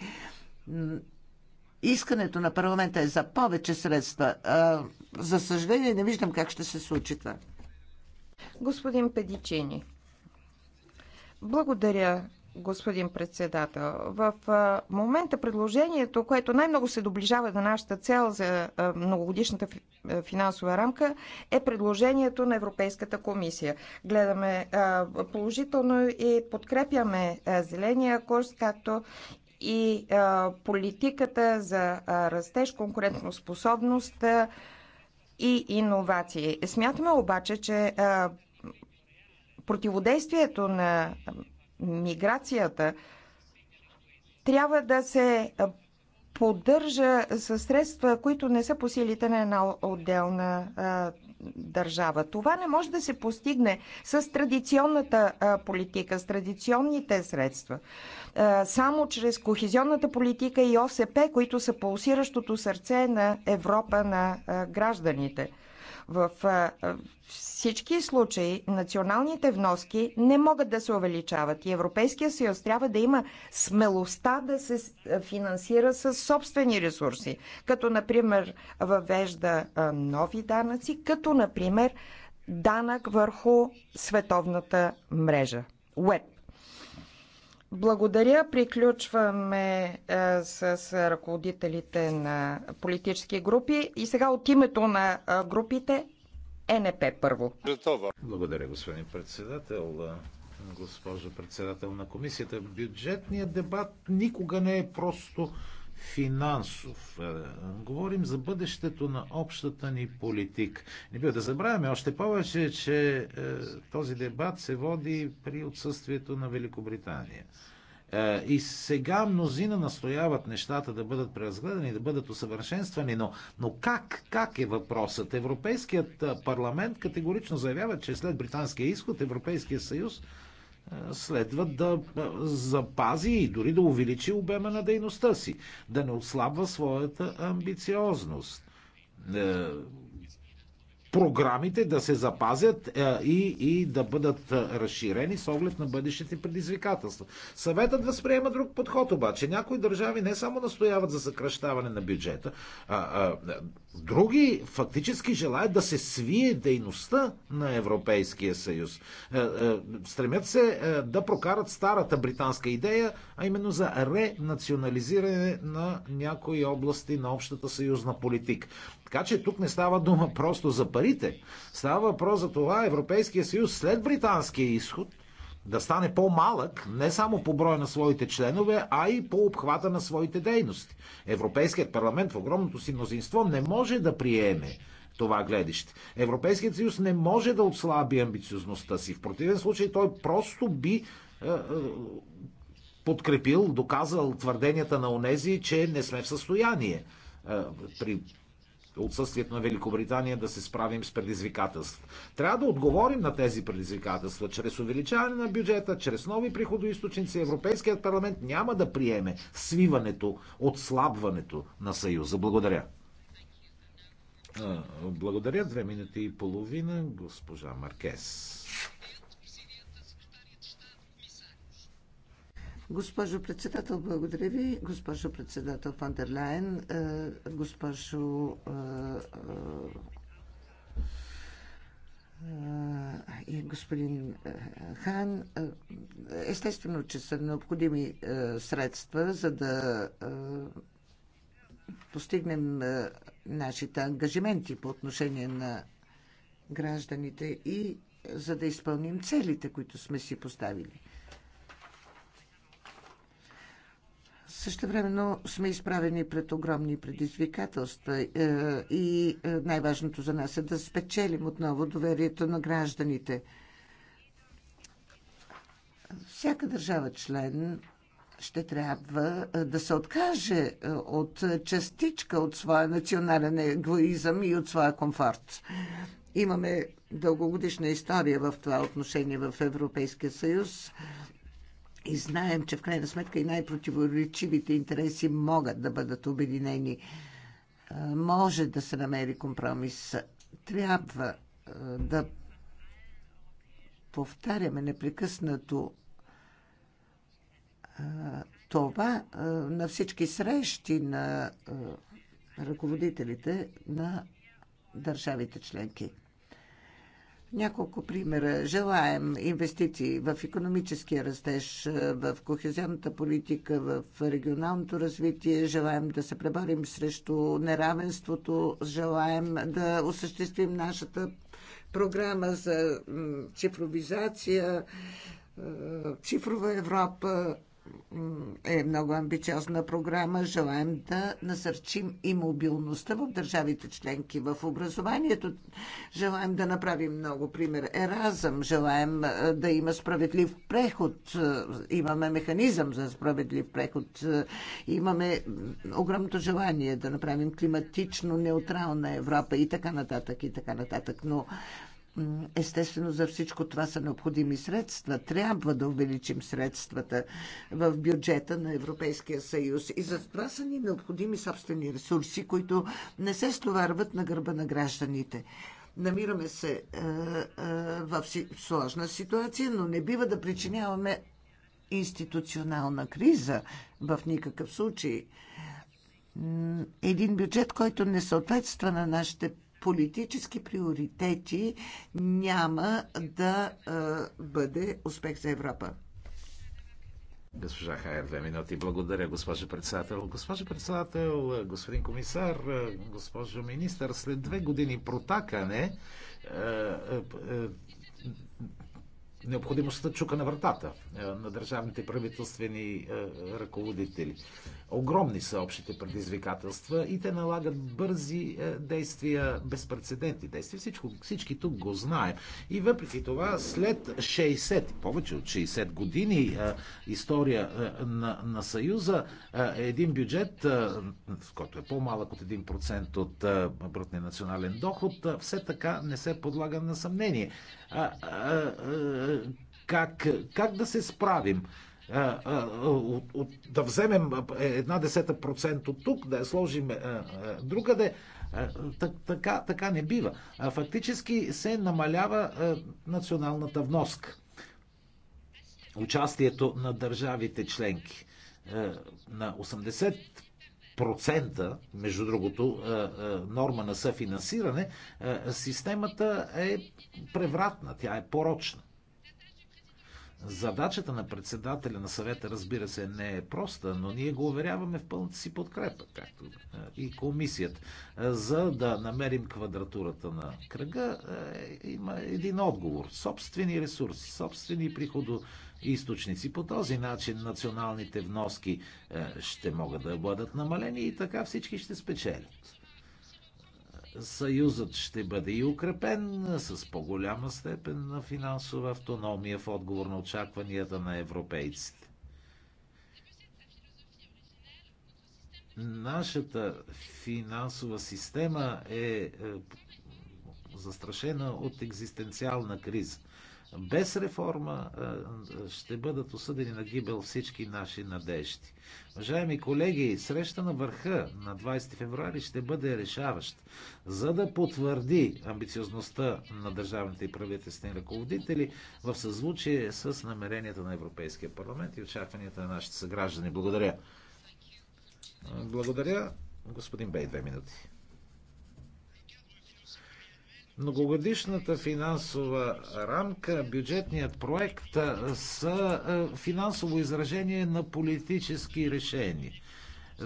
искането на парламента е за повече средства. А, за съжаление не виждам как ще се случи това. Господин Педичини, благодаря, господин председател. В момента предложението, което най-много се доближава до нашата цел за многогодишната финансова рамка, е предложението на Европейската комисия. Гледаме положително и подкрепяме зеления курс, както и политиката за растеж, конкурентоспособност и иновации. Смятаме обаче, че противодействието на миграцията трябва да се поддържа със средства, които не са по силите на една отделна а, държава. Това не може да се постигне с традиционната политика, с традиционните средства. Само чрез кохезионната политика и ОСП, които са пулсиращото сърце на Европа на гражданите. В всички случаи националните вноски не могат да се увеличават и Европейския съюз трябва да има смелостта да се финансира с собствени ресурси, като например въвежда нови данъци, като например данък върху световната мрежа. Web. Благодаря. Приключваме а, е, с, а, ръководителите на политически групи. И сега от името на а, е, групите НП първо. Благодаря, господин председател. Госпожо председател на комисията, бюджетният дебат никога не е просто финансов. Е, говорим за бъдещето на общата ни политик. Не бива да забравяме още повече, че е, този дебат се води при отсъствието на Великобритания. Е, и сега мнозина настояват нещата да бъдат преразгледани, да бъдат усъвършенствани, но, но как, как е въпросът? Европейският парламент категорично заявява, че след британския изход Европейския съюз следва да запази и дори да увеличи обема на дейността си, да не отслабва своята амбициозност. Е, програмите да се запазят е, и, и да бъдат разширени с оглед на бъдещите предизвикателства. Съветът възприема друг подход обаче. Някои държави не само настояват за съкръщаване на бюджета, а, а, Други фактически желаят да се свие дейността на Европейския съюз. Е, е, стремят се е, да прокарат старата британска идея, а именно за ренационализиране на някои области на общата съюзна политика. Така че тук не става дума просто за парите. Става въпрос за това Европейския съюз след британския изход – да стане по-малък не само по броя на своите членове, а и по обхвата на своите дейности. Европейският парламент в огромното си мнозинство не може да приеме това гледище. Европейският съюз не може да отслаби амбициозността си. В противен случай той просто би е, е подкрепил, доказал твърденията на онези, че не сме в състояние е, при отсъствието на Великобритания да се справим с предизвикателства. Трябва да отговорим на тези предизвикателства чрез увеличаване на бюджета, чрез нови приходоисточници. Европейският парламент няма да приеме свиването, отслабването на Съюза. Благодаря. Благодаря. Две минути и половина, госпожа Маркес. Госпожо председател, благодаря ви. Госпожо председател Фандерлайн, е, госпожо е, е, и господин Хан. Естествено, че са необходими средства, за да постигнем нашите ангажименти по отношение на гражданите и за да изпълним целите, които сме си поставили. Също времено сме изправени пред огромни предизвикателства е, и е, най-важното за нас е да спечелим отново доверието на гражданите. Всяка държава член ще трябва е, да се откаже от частичка от своя национален егоизъм и от своя комфорт. Имаме дългогодишна история в това отношение в Европейския съюз. И знаем, че в крайна сметка и най-противоречивите интереси могат да бъдат обединени. Е, може да се намери компромис. Трябва е, да повтаряме непрекъснато е, това на всички срещи на ръководителите на държавите членки. Няколко примера. Желаем инвестиции в економическия растеж, е, в кохезионната политика, в регионалното развитие. Желаем да се преборим срещу неравенството. Желаем да осъществим нашата програма за цифровизация, е, цифрова Европа е много амбициозна програма. Желаем да насърчим и мобилността в държавите членки, в образованието. Желаем да направим много пример еразъм. Желаем е, да има справедлив преход. Е, имаме механизъм за справедлив преход. Е, имаме огромното желание да направим климатично неутрална Европа и така нататък, и така нататък. Но Естествено, за всичко това са необходими средства. Трябва да увеличим средствата в бюджета на Европейския съюз. И за това са ни необходими собствени ресурси, които не се стоварват на гърба на гражданите. Намираме се е, е, в сложна ситуация, но не бива да причиняваме институционална криза в никакъв случай. Един бюджет, който не съответства на нашите политически приоритети няма да бъде успех за Европа. Госпожа Хайер, две минути. Благодаря, госпожа председател. Госпожа председател, господин комисар, госпожо министър, след две години протакане е, е, необходимостта чука на вратата е, на държавните правителствени ръководители. Огромни са общите предизвикателства и те налагат бързи е, действия, безпредседентни действия. Всичко, всички тук го знаем. И въпреки това, след 60, повече от 60 години е, история е, на, на Съюза, един бюджет, който е по-малък от 1% от брутния национален доход, все така не се подлага на съмнение. Как, как да се справим? да вземем е, една десета процент от тук, да я сложим е, е, другаде, така, така не бива. Фактически се намалява националната вноска. Участието на държавите членки на 80 процента, между другото, норма на съфинансиране, системата е превратна, тя е порочна. Задачата на председателя на съвета, разбира се, не е проста, но ние го уверяваме в пълната си подкрепа, както и комисията. За да намерим квадратурата на кръга, има един отговор. Собствени ресурси, собствени източници. По този начин националните вноски ще могат да бъдат намалени и така всички ще спечелят. Съюзът ще бъде и укрепен с по-голяма степен на финансова автономия в отговор на очакванията на европейците. Нашата финансова система е, е застрашена от екзистенциална криза без реформа ще бъдат осъдени на гибел всички наши надежди. Уважаеми колеги, среща на върха на 20 февруари ще бъде решаващ, за да потвърди амбициозността на държавните и правителствени ръководители в съзвучие с намеренията на Европейския парламент и очакванията на нашите съграждани. Благодаря. Благодаря. Господин Бей, две минути. Многогодишната финансова рамка, бюджетният проект са финансово изражение на политически решения.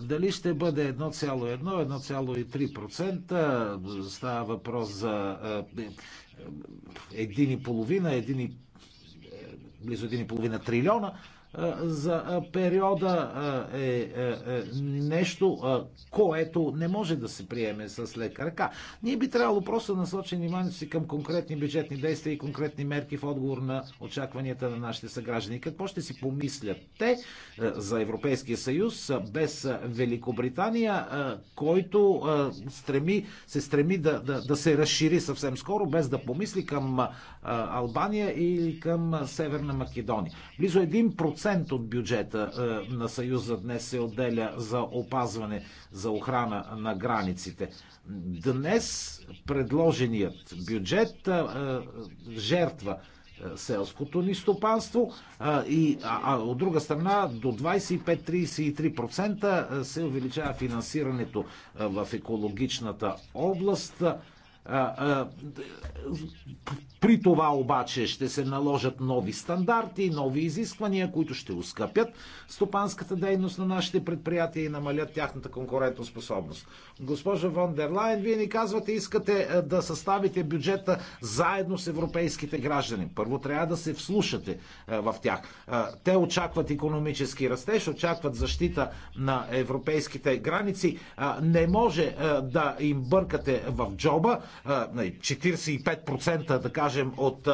Дали ще бъде 1,1, 1,3%, става въпрос за 1,5, 1, е, е, близо 1,5 трилиона, за периода е, е, е нещо, което не може да се приеме с лека ръка. Ние би трябвало просто да насочим вниманието си към конкретни бюджетни действия и конкретни мерки в отговор на очакванията на нашите съграждани. Какво ще си помислят те за Европейския съюз без Великобритания, който стреми, се стреми да, да, да се разшири съвсем скоро, без да помисли към Албания или към Северна Македония. Близо 1% процент от бюджета е, на Съюза днес се отделя за опазване, за охрана на границите. Днес предложеният бюджет е, е, жертва селското ни стопанство и а, а, от друга страна до 25-33% се увеличава финансирането в екологичната област. При това обаче ще се наложат нови стандарти, нови изисквания, които ще ускъпят стопанската дейност на нашите предприятия и намалят тяхната конкурентоспособност. Госпожа Вон Дерлайн, вие ни казвате, искате да съставите бюджета заедно с европейските граждани. Първо трябва да се вслушате в тях. Те очакват економически растеж, очакват защита на европейските граници. Не може да им бъркате в джоба, 45% да кажем от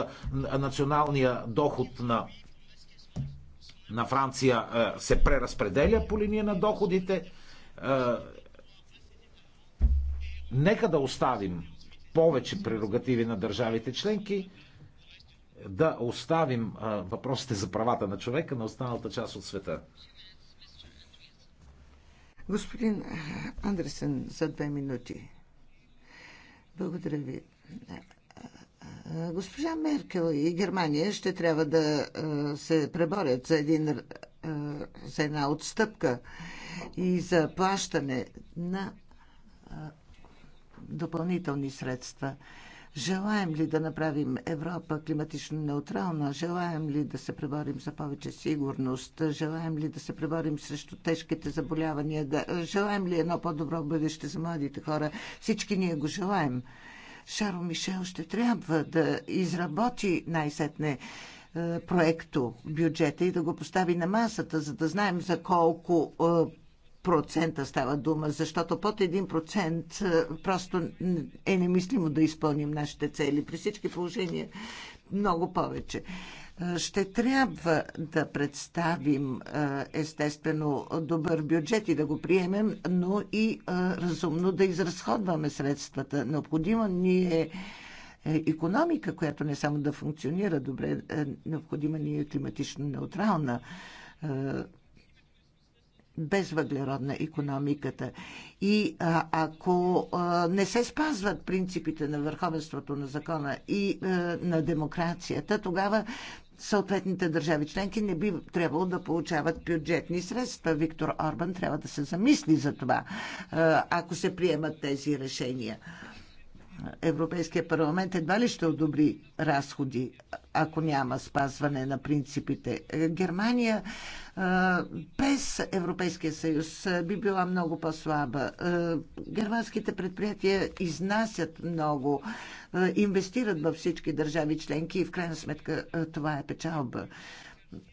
националния доход на на Франция се преразпределя по линия на доходите. Нека да оставим повече прерогативи на държавите членки, да оставим въпросите за правата на човека на останалата част от света. Господин Андресен, за две минути. Благодаря ви. Госпожа Меркел и Германия ще трябва да се преборят за, един, за една отстъпка и за плащане на допълнителни средства. Желаем ли да направим Европа климатично неутрална? Желаем ли да се преборим за повече сигурност? Желаем ли да се преборим срещу тежките заболявания? Да, желаем ли едно по-добро бъдеще за младите хора? Всички ние го желаем. Шаро Мишел ще трябва да изработи най-сетне е, проекто бюджета и да го постави на масата, за да знаем за колко е, процента става дума, защото под един процент е, просто е немислимо да изпълним нашите цели. При всички положения много повече. Е, ще трябва да представим е, естествено добър бюджет и да го приемем, но и разумно да изразходваме средствата. Необходимо ни е економика, която не само да функционира добре, необходима ни е климатично неутрална безвъглеродна економиката. И а, ако а, не се спазват принципите на върховенството на закона и а, на демокрацията, тогава съответните държави членки не би трябвало да получават бюджетни средства. Виктор Орбан трябва да се замисли за това, а, ако се приемат тези решения. Европейския парламент едва ли ще одобри разходи, ако няма спазване на принципите. Германия без Европейския съюз би била много по-слаба. Германските предприятия изнасят много, инвестират във всички държави членки и в крайна сметка това е печалба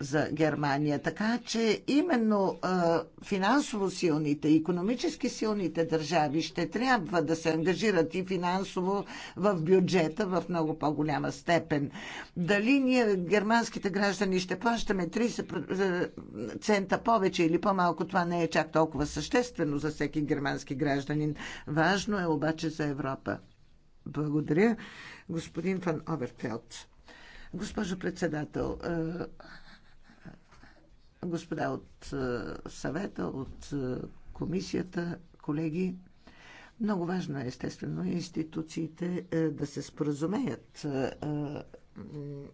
за Германия. Така че именно а, финансово силните, економически силните държави ще трябва да се ангажират и финансово в бюджета в много по-голяма степен. Дали ние, германските граждани, ще плащаме 30 цента повече или по-малко, това не е чак толкова съществено за всеки германски гражданин. Важно е обаче за Европа. Благодаря, господин Фан Оверфелд. Госпожо председател, господа от е, съвета, от е, комисията, колеги. Много важно е, естествено, институциите е, да се споразумеят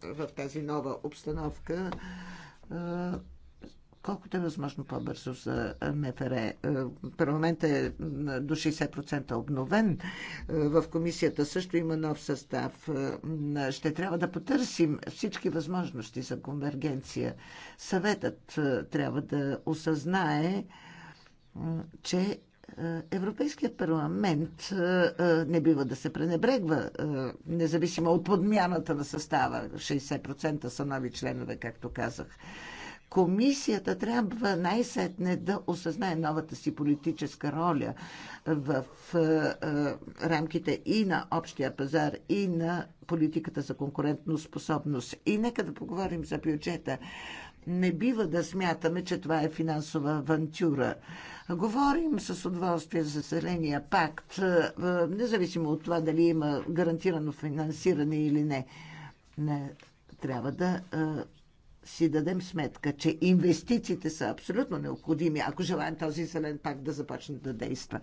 в тази нова обстановка колкото е възможно по-бързо за МФР. Е, парламентът е до 60% обновен. Е, в комисията също има нов състав. Е, ще трябва да потърсим всички възможности за конвергенция. Съветът трябва да осъзнае, че Европейският парламент не бива да се пренебрегва, независимо от подмяната на състава. 60% са нови членове, както казах. Комисията трябва най-сетне да осъзнае новата си политическа роля в е, е, рамките и на общия пазар, и на политиката за конкурентно способност. И нека да поговорим за бюджета. Не бива да смятаме, че това е финансова авантюра. Говорим с удоволствие за Зеления пакт, е, независимо от това дали има гарантирано финансиране или не. не трябва да си дадем сметка, че инвестициите са абсолютно необходими, ако желаем този зелен пак да започне да действа.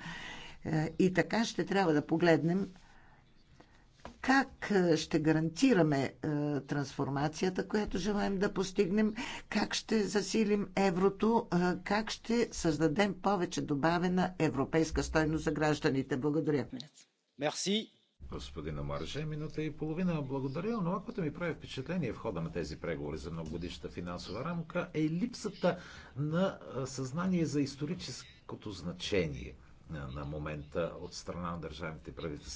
Е, и така ще трябва да погледнем как е, ще гарантираме е, трансформацията, която желаем да постигнем, как ще засилим еврото, как ще създадем повече добавена европейска стойност за гражданите. Благодаря. Мерси. Господина Марже, минута и половина. Благодаря, но което ми прави впечатление в хода на тези преговори за многогодишната финансова рамка е липсата на съзнание за историческото значение на момента от страна на държавните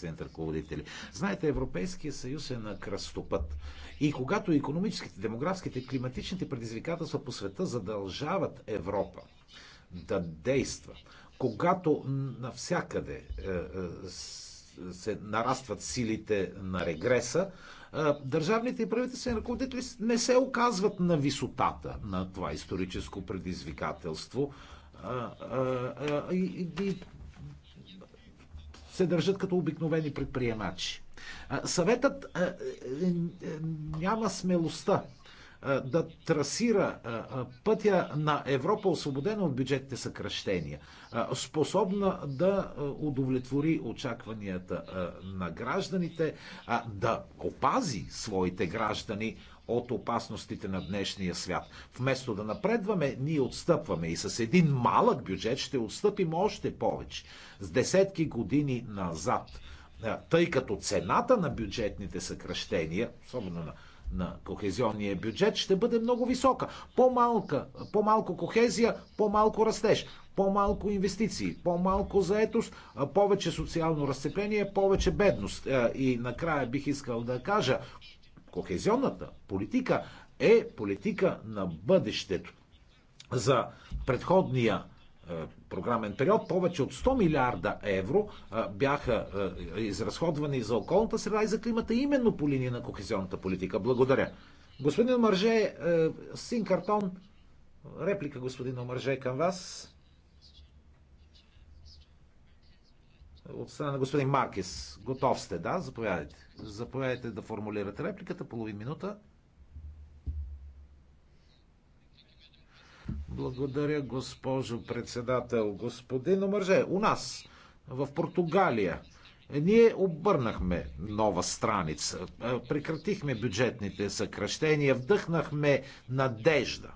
и ръководители. Знаете, Европейския съюз е на кръстопът. И когато економическите, демографските, климатичните предизвикателства по света задължават Европа да действа, когато навсякъде е, е, се нарастват силите на регреса, държавните и правителствени ръководители не се оказват на висотата на това историческо предизвикателство и, и се държат като обикновени предприемачи. Съветът е, е, е, няма смелостта да трасира пътя на Европа, освободена от бюджетните съкръщения, способна да удовлетвори очакванията на гражданите, да опази своите граждани от опасностите на днешния свят. Вместо да напредваме, ние отстъпваме и с един малък бюджет ще отстъпим още повече. С десетки години назад. Тъй като цената на бюджетните съкръщения, особено на на кохезионния бюджет ще бъде много висока. По-малка, по-малко кохезия, по-малко растеж, по-малко инвестиции, по-малко заетост, повече социално разцепление, повече бедност. Е, и накрая бих искал да кажа, кохезионната политика е политика на бъдещето. За предходния е, програмен период повече от 100 милиарда евро е, бяха е, изразходвани за околната среда и за климата именно по линия на кохезионната политика. Благодаря. Господин Омърже, син картон, реплика господин Омърже към вас. От страна на господин Маркес. Готов сте, да? Заповядайте. Заповядайте да формулирате репликата. Половин минута. Благодаря, госпожо председател. Господин Омърже, у нас, в Португалия, ние обърнахме нова страница, е, прекратихме бюджетните съкръщения, вдъхнахме надежда.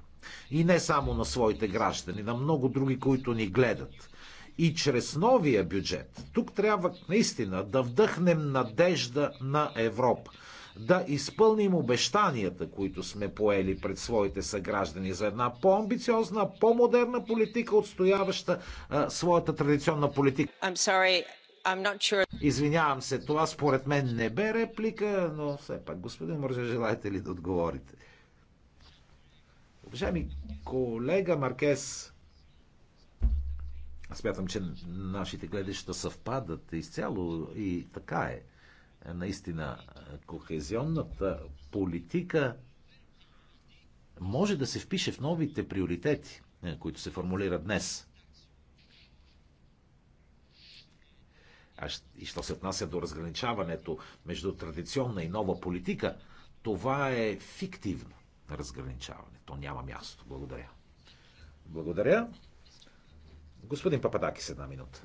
И не само на своите граждани, на много други, които ни гледат. И чрез новия бюджет, тук трябва наистина да вдъхнем надежда на Европа да изпълним обещанията, които сме поели пред своите съграждани за една по-амбициозна, по-модерна политика, отстояваща а, своята традиционна политика. I'm sorry, I'm not sure. Извинявам се, това според мен не бе реплика, но все пак, господин Мържа, желаете ли да отговорите? Уважаеми колега Маркес, аз мятам, че нашите гледаща съвпадат изцяло и така е. Е наистина е, кохезионната политика може да се впише в новите приоритети, е, които се формулират днес. А и що се отнася до разграничаването между традиционна и нова политика, това е фиктивно разграничаване. То няма място. Благодаря. Благодаря. Господин Пападаки, с една минута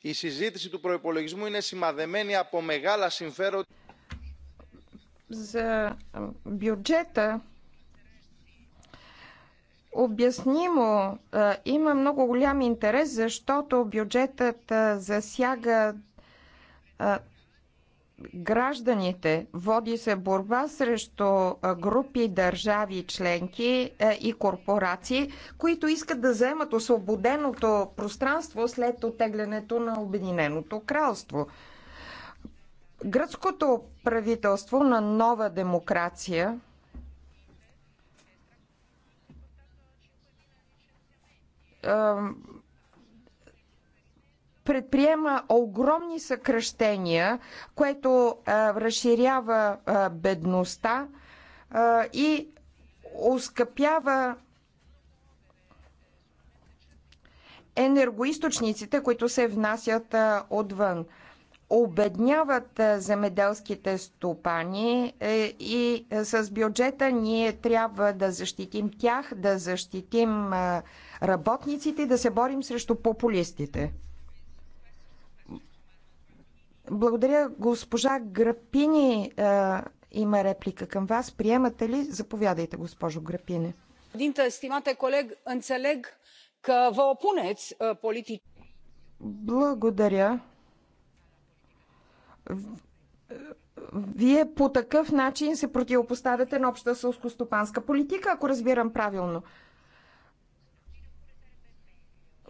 η συζήτηση του προϋπολογισμού είναι σημαδεμένη από μεγάλα συμφέροντα. За бюджета обяснимо има много голям интерес, защото бюджетът засяга гражданите. Води се борба срещу групи държави членки и корпорации, които искат да вземат освободеното пространство след отеглянето на Обединеното кралство. Гръцкото правителство на нова демокрация предприема огромни съкръщения, което разширява бедността и оскъпява енергоисточниците, които се внасят отвън. Обедняват земеделските стопани е, и с бюджета ние трябва да защитим тях, да защитим работниците и да се борим срещу популистите. Благодаря, госпожа Грапини. А, е, има реплика към вас. Приемате ли? Заповядайте, госпожо Грапини. Динта, стимате колег, înțeleg că vă opuneți е, politici. Благодаря. Вие по такъв начин се противопоставяте на обща сълскостопанска политика, ако разбирам правилно.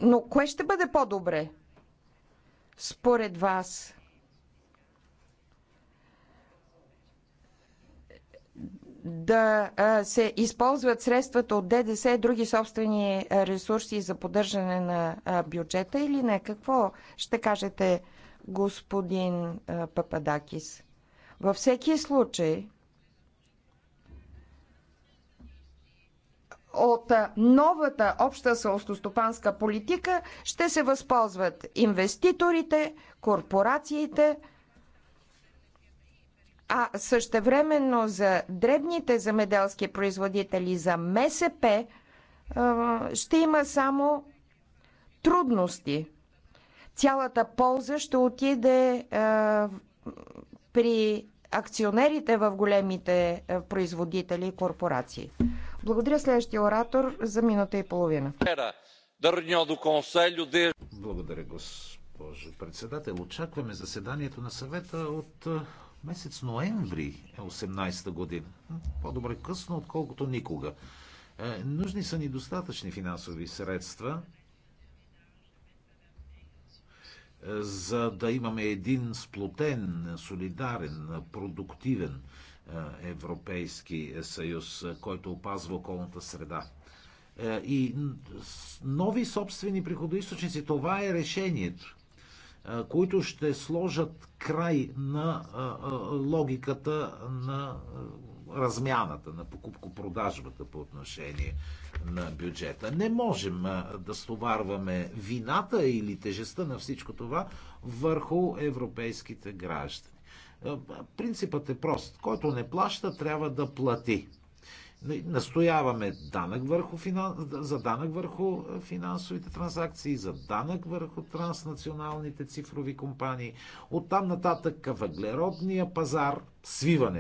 Но кое ще бъде по-добре? Според вас да се използват средствата от ДДС и други собствени ресурси за поддържане на бюджета или не? Какво ще кажете, господин Пападакис? Във всеки случай, от новата обща селскостопанска политика ще се възползват инвеститорите, корпорациите, а същевременно за дребните замеделски производители, за МСП, ще има само трудности. Цялата полза ще отиде при акционерите в големите производители и корпорации. Благодаря следващия оратор за минута и половина. Благодаря, госпожо председател. Очакваме заседанието на съвета от Месец ноември е 18-та година. По-добре късно, отколкото никога. Е, нужни са ни достатъчни финансови средства, е, за да имаме един сплотен, солидарен, продуктивен е, Европейски съюз, който опазва околната среда. И нови собствени приходоисточници, това е решението които ще сложат край на логиката на размяната, на покупко-продажбата по отношение на бюджета. Не можем да стоварваме вината или тежестта на всичко това върху европейските граждани. Принципът е прост. Който не плаща, трябва да плати. Нали, настояваме данък върху финан... за данък върху е, финансовите транзакции, за данък върху транснационалните цифрови компании. Оттам нататък въглеродния пазар, свиване